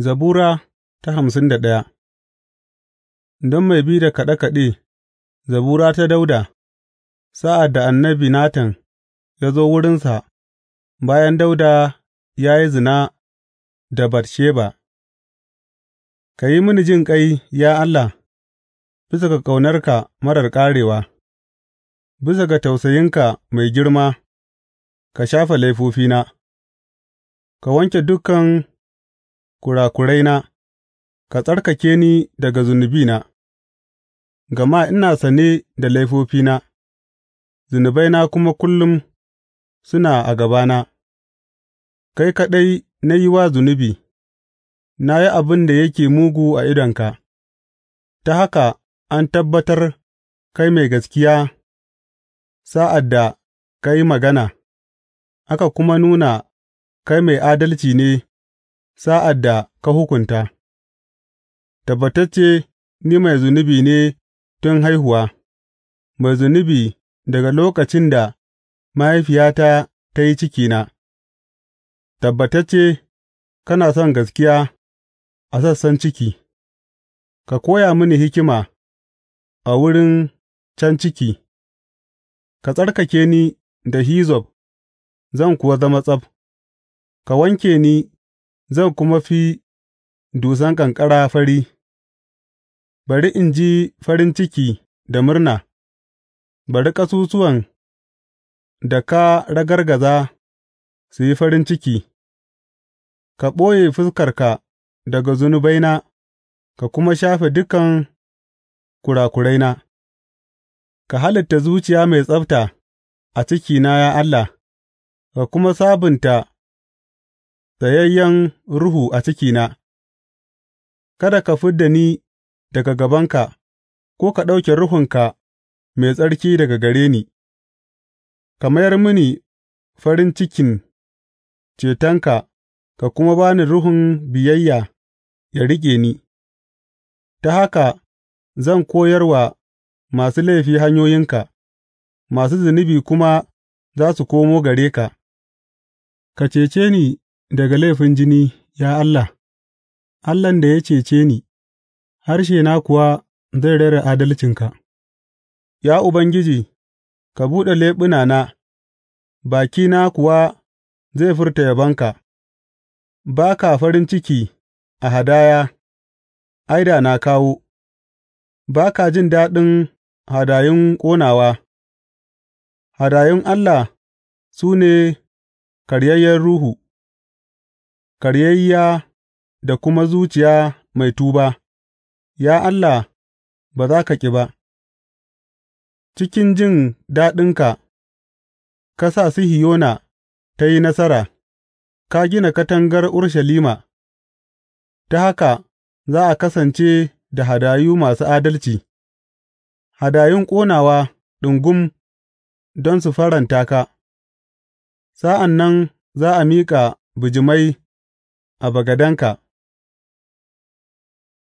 Zabura ta hamsin da ɗaya Don mai bi da kaɗe kaɗe, zabura ta Dauda, sa'ad da annabi Natan ya zo wurinsa bayan Dauda ya yi zina da Batsheba, Ka yi mini jin ƙai ya Allah, bisa ga ƙaunarka marar ƙarewa, bisa ga tausayinka mai girma, ka shafa laifofina, ka wanke dukan kurakuraina, ka tsarkake ni daga zunubina, gama ina sane da laifofina, zunubaina kuma kullum suna a gabana, kai kaɗai na yi wa zunubi, na yi abin da yake mugu a idonka, ta haka an tabbatar kai mai gaskiya sa'ad da ka yi magana, aka kuma nuna kai mai adalci ne. sa'ad da ka hukunta; tabbatacce ni mai zunubi ne tun haihuwa, mai zunubi daga lokacin da mahaifiyata ta yi cikina; tabbatacce kana son gaskiya a sassan ciki, ka koya mini hikima a wurin can ciki; ka tsarkake ni da hizzob zan kuwa zama tsab, ka wanke ni. zan kuma fi dusan ƙanƙara fari; bari in ji farin ciki da murna, bari ƙasusuwan da ka ragargaza su yi farin ciki; ka ɓoye fuskarka daga zunubaina ka kuma shafe dukan kurakuraina; ka halitta zuciya mai tsabta a cikina, ya Allah, ka kuma sabunta. tsayayyen ruhu a cikina, kada ka fid da ni daga gabanka, ko ka ɗauke Ruhunka mai tsarki daga gare ni, ka mayar mini farin cikin cetonka ka kuma ba ni ruhun biyayya ya riƙe ni, ta haka zan koyar wa masu laifi hanyoyinka, masu zunubi kuma za su komo gare ka; ka cece ni daga laifin jini, ya Allah, Allahn da ya cece ni, harshena kuwa zai rera adalcinka; Ya Ubangiji, ka buɗe na. bakina kuwa zai furta yabonka; ba ka farin ciki a hadaya, ai, da na kawo, ba ka jin daɗin hadayun ƙonawa; hadayun Allah su ne karyayyen ruhu. karyayyiya da kuma zuciya mai tuba, Ya Allah, ba za ka ƙi ba; cikin jin daɗinka ka sa Sihiyona ta yi nasara, ka gina katangar Urshalima. ta haka za a kasance da hadayu masu adalci, hadayun ƙonawa ɗungum don su faranta ka, sa'an nan za a miƙa bijimai. a bagadenka.